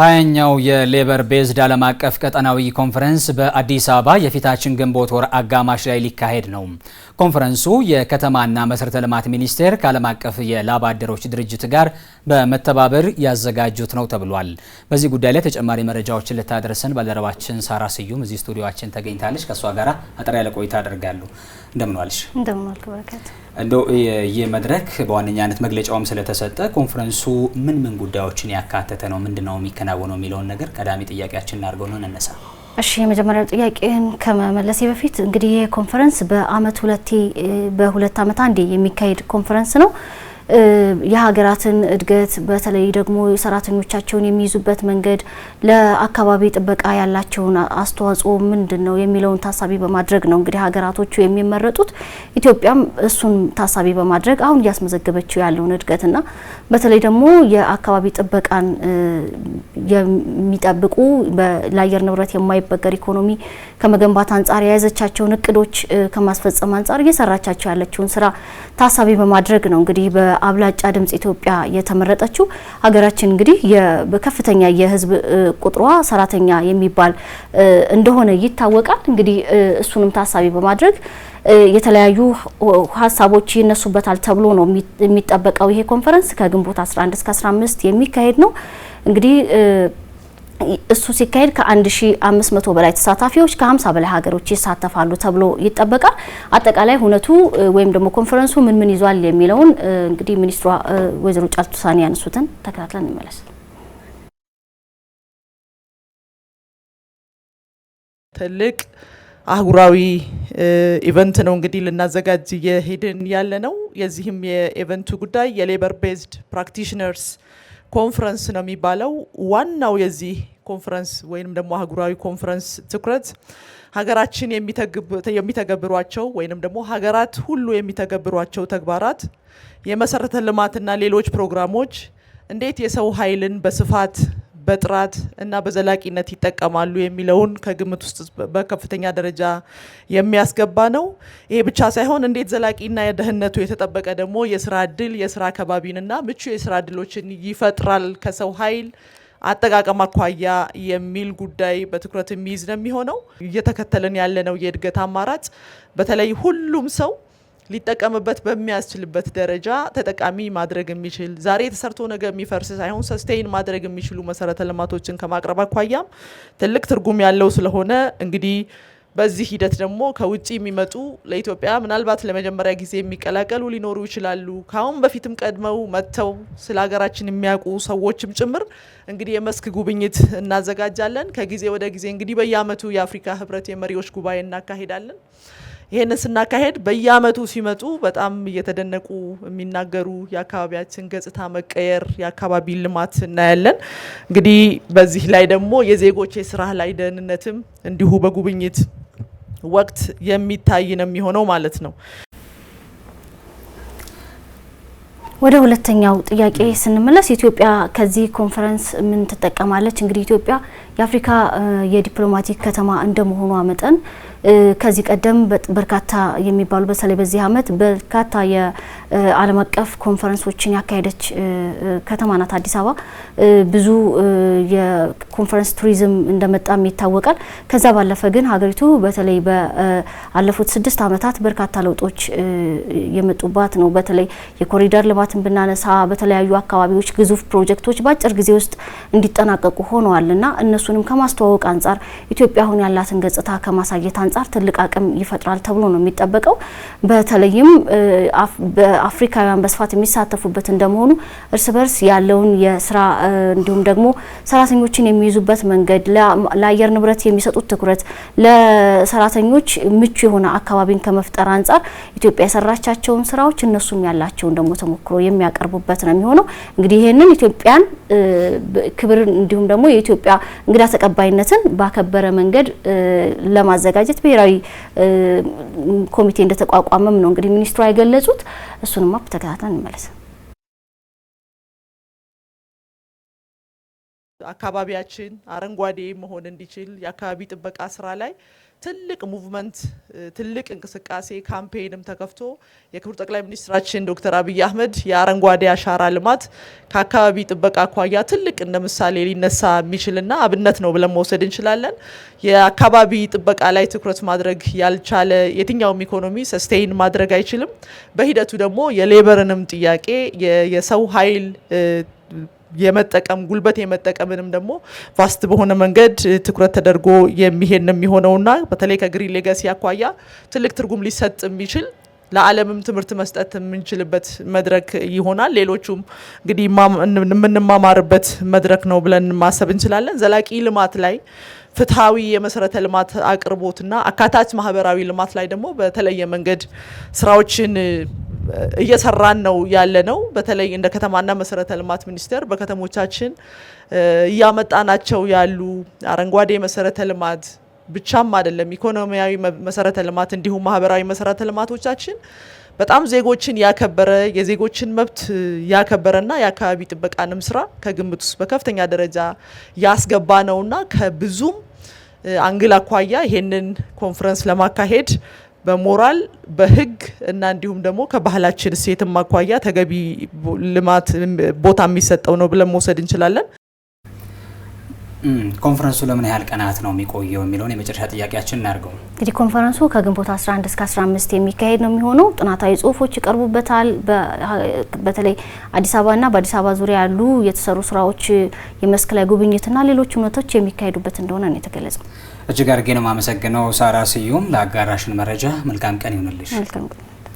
ሀያኛው የሌበር ቤዝድ ዓለም አቀፍ ቀጠናዊ ኮንፈረንስ በአዲስ አበባ የፊታችን ግንቦት ወር አጋማሽ ላይ ሊካሄድ ነው። ኮንፈረንሱ የከተማና መሰረተ ልማት ሚኒስቴር ከዓለም አቀፍ የላብ አደሮች ድርጅት ጋር በመተባበር ያዘጋጁት ነው ተብሏል። በዚህ ጉዳይ ላይ ተጨማሪ መረጃዎችን ልታደርሰን ባልደረባችን ሳራ ስዩም እዚህ ስቱዲዮችን ተገኝታለች። ከእሷ ጋር አጠር ያለ ቆይታ አደርጋሉ። እንደምንዋልሽ እንደምንዋልክ በረከት። ይህ መድረክ በዋነኛነት መግለጫውም ስለተሰጠ ኮንፈረንሱ ምን ምን ጉዳዮችን ያካተተ ነው? ምንድን ነው የሚከናወ የሚያከናውነው የሚለውን ነገር ቀዳሚ ጥያቄያችን እናድርገው ነው እንነሳ። እሺ የመጀመሪያው ጥያቄን ከመመለሴ በፊት እንግዲህ ይሄ ኮንፈረንስ በአመት ሁለቴ በሁለት አመት አንዴ የሚካሄድ ኮንፈረንስ ነው። የሀገራትን እድገት በተለይ ደግሞ ሰራተኞቻቸውን የሚይዙበት መንገድ ለአካባቢ ጥበቃ ያላቸውን አስተዋጽኦ ምንድን ነው የሚለውን ታሳቢ በማድረግ ነው እንግዲህ ሀገራቶቹ የሚመረጡት። ኢትዮጵያም እሱን ታሳቢ በማድረግ አሁን እያስመዘገበችው ያለውን እድገትና በተለይ ደግሞ የአካባቢ ጥበቃን የሚጠብቁ ለአየር ንብረት የማይበገር ኢኮኖሚ ከመገንባት አንጻር የያዘቻቸውን እቅዶች ከማስፈጸም አንጻር እየሰራቻቸው ያለችውን ስራ ታሳቢ በማድረግ ነው እንግዲህ በአብላጫ ድምጽ ኢትዮጵያ የተመረጠችው ሀገራችን እንግዲህ በከፍተኛ የህዝብ ቁጥሯ ሰራተኛ የሚባል እንደሆነ ይታወቃል። እንግዲህ እሱንም ታሳቢ በማድረግ የተለያዩ ሀሳቦች ይነሱበታል ተብሎ ነው የሚጠበቀው። ይሄ ኮንፈረንስ ከግንቦት 11 እስከ 15 የሚካሄድ ነው እንግዲህ እሱ ሲካሄድ ከ1500 በላይ ተሳታፊዎች ከ50 በላይ ሀገሮች ይሳተፋሉ ተብሎ ይጠበቃል። አጠቃላይ ሁነቱ ወይም ደግሞ ኮንፈረንሱ ምን ምን ይዟል የሚለውን እንግዲህ ሚኒስትሯ ወይዘሮ ጫልቱ ሳኒ ያነሱትን ተከታትለን እንመለስ። ትልቅ አህጉራዊ ኢቨንት ነው እንግዲህ ልናዘጋጅ እየሄድን ያለ ነው። የዚህም የኢቨንቱ ጉዳይ የሌበር ቤዝድ ፕራክቲሽነርስ ኮንፈረንስ ነው የሚባለው። ዋናው የዚህ ኮንፈረንስ ወይም ደግሞ አህጉራዊ ኮንፈረንስ ትኩረት ሀገራችን የሚተገብሯቸው ወይም ደግሞ ሀገራት ሁሉ የሚተገብሯቸው ተግባራት፣ የመሰረተ ልማትና ሌሎች ፕሮግራሞች እንዴት የሰው ኃይልን በስፋት በጥራት እና በዘላቂነት ይጠቀማሉ የሚለውን ከግምት ውስጥ በከፍተኛ ደረጃ የሚያስገባ ነው። ይሄ ብቻ ሳይሆን እንዴት ዘላቂና ደህንነቱ የተጠበቀ ደግሞ የስራ እድል የስራ አካባቢንና ምቹ የስራ እድሎችን ይፈጥራል ከሰው ኃይል አጠቃቀም አኳያ የሚል ጉዳይ በትኩረት የሚይዝ ነው የሚሆነው። እየተከተልን ያለነው የእድገት አማራጭ በተለይ ሁሉም ሰው ሊጠቀምበት በሚያስችልበት ደረጃ ተጠቃሚ ማድረግ የሚችል ዛሬ ተሰርቶ ነገ የሚፈርስ ሳይሆን ሰስቴይን ማድረግ የሚችሉ መሰረተ ልማቶችን ከማቅረብ አኳያም ትልቅ ትርጉም ያለው ስለሆነ እንግዲህ በዚህ ሂደት ደግሞ ከውጭ የሚመጡ ለኢትዮጵያ ምናልባት ለመጀመሪያ ጊዜ የሚቀላቀሉ ሊኖሩ ይችላሉ። ከአሁን በፊትም ቀድመው መጥተው ስለ ሀገራችን የሚያውቁ ሰዎችም ጭምር እንግዲህ የመስክ ጉብኝት እናዘጋጃለን። ከጊዜ ወደ ጊዜ እንግዲህ በየአመቱ የአፍሪካ ህብረት የመሪዎች ጉባኤ እናካሄዳለን። ይህን ስናካሄድ በየአመቱ ሲመጡ በጣም እየተደነቁ የሚናገሩ የአካባቢያችን ገጽታ መቀየር፣ የአካባቢ ልማት እናያለን። እንግዲህ በዚህ ላይ ደግሞ የዜጎች የስራ ላይ ደህንነትም እንዲሁ በጉብኝት ወቅት የሚታይ ነው የሚሆነው ማለት ነው። ወደ ሁለተኛው ጥያቄ ስንመለስ ኢትዮጵያ ከዚህ ኮንፈረንስ ምን ትጠቀማለች? እንግዲህ ኢትዮጵያ የአፍሪካ የዲፕሎማቲክ ከተማ እንደመሆኗ መጠን ከዚህ ቀደም በርካታ የሚባሉ በተለይ በዚህ ዓመት በርካታ የዓለም አቀፍ ኮንፈረንሶችን ያካሄደች ከተማ ናት አዲስ አበባ። ብዙ የኮንፈረንስ ቱሪዝም እንደመጣም ይታወቃል። ከዛ ባለፈ ግን ሀገሪቱ በተለይ በአለፉት ስድስት ዓመታት በርካታ ለውጦች የመጡባት ነው። በተለይ የኮሪደር ልማትን ብናነሳ በተለያዩ አካባቢዎች ግዙፍ ፕሮጀክቶች በአጭር ጊዜ ውስጥ እንዲጠናቀቁ ሆነዋል እና እነሱ ራሱንም ከማስተዋወቅ አንጻር ኢትዮጵያ አሁን ያላትን ገጽታ ከማሳየት አንጻር ትልቅ አቅም ይፈጥራል ተብሎ ነው የሚጠበቀው። በተለይም በአፍሪካውያን በስፋት የሚሳተፉበት እንደመሆኑ እርስ በርስ ያለውን የስራ እንዲሁም ደግሞ ሰራተኞችን የሚይዙበት መንገድ፣ ለአየር ንብረት የሚሰጡት ትኩረት፣ ለሰራተኞች ምቹ የሆነ አካባቢን ከመፍጠር አንጻር ኢትዮጵያ የሰራቻቸውን ስራዎች እነሱም ያላቸውን ደግሞ ተሞክሮ የሚያቀርቡበት ነው የሚሆነው። እንግዲህ ይህንን ኢትዮጵያን ክብር እንዲሁም ደግሞ የኢትዮጵያ እንግዳ ተቀባይነትን ባከበረ መንገድ ለማዘጋጀት ብሔራዊ ኮሚቴ እንደተቋቋመም ነው እንግዲህ ሚኒስትሯ የገለጹት። እሱንም ተከታተል እንመለስ። አካባቢያችን አረንጓዴ መሆን እንዲችል የአካባቢ ጥበቃ ስራ ላይ ትልቅ ሙቭመንት ትልቅ እንቅስቃሴ ካምፔንም ተከፍቶ የክቡር ጠቅላይ ሚኒስትራችን ዶክተር አብይ አህመድ የአረንጓዴ አሻራ ልማት ከአካባቢ ጥበቃ አኳያ ትልቅ እንደ ምሳሌ ሊነሳ የሚችልና አብነት ነው ብለን መውሰድ እንችላለን። የአካባቢ ጥበቃ ላይ ትኩረት ማድረግ ያልቻለ የትኛውም ኢኮኖሚ ሰስቴይን ማድረግ አይችልም። በሂደቱ ደግሞ የሌበርንም ጥያቄ የሰው ኃይል የመጠቀም ጉልበት የመጠቀምንም ደግሞ ፋስት በሆነ መንገድ ትኩረት ተደርጎ የሚሄድ ነው የሚሆነውና በተለይ ከግሪን ሌጋሲ አኳያ ትልቅ ትርጉም ሊሰጥ የሚችል ለዓለምም ትምህርት መስጠት የምንችልበት መድረክ ይሆናል። ሌሎቹም እንግዲህ የምንማማርበት መድረክ ነው ብለን ማሰብ እንችላለን። ዘላቂ ልማት ላይ ፍትሐዊ የመሰረተ ልማት አቅርቦትና አካታች ማህበራዊ ልማት ላይ ደግሞ በተለየ መንገድ ስራዎችን እየሰራን ነው ያለ ነው። በተለይ እንደ ከተማና መሰረተ ልማት ሚኒስቴር በከተሞቻችን እያመጣናቸው ያሉ አረንጓዴ መሰረተ ልማት ብቻም አይደለም፣ ኢኮኖሚያዊ መሰረተ ልማት እንዲሁም ማህበራዊ መሰረተ ልማቶቻችን በጣም ዜጎችን ያከበረ የዜጎችን መብት ያከበረና የአካባቢ ጥበቃንም ስራ ከግምት ውስጥ በከፍተኛ ደረጃ ያስገባ ነውና ከብዙም አንግል አኳያ ይሄንን ኮንፈረንስ ለማካሄድ በሞራል በህግ እና እንዲሁም ደግሞ ከባህላችን እሴትም አኳያ ተገቢ ልማት ቦታ የሚሰጠው ነው ብለን መውሰድ እንችላለን። ኮንፈረንሱ ለምን ያህል ቀናት ነው የሚቆየው የሚለውን የመጨረሻ ጥያቄያችን እናድርገው። እንግዲህ ኮንፈረንሱ ከግንቦት 11 እስከ 15 የሚካሄድ ነው የሚሆነው። ጥናታዊ ጽሁፎች ይቀርቡበታል። በተለይ አዲስ አበባና በአዲስ አበባ ዙሪያ ያሉ የተሰሩ ስራዎች፣ የመስክ ላይ ጉብኝትና ሌሎች እውነቶች የሚካሄዱበት እንደሆነ ነው የተገለጸው። እጅግ አድርጌ ነው የማመሰግነው። ሳራ ስዩም ለአጋራሽን መረጃ መልካም ቀን ይሆንልሽ።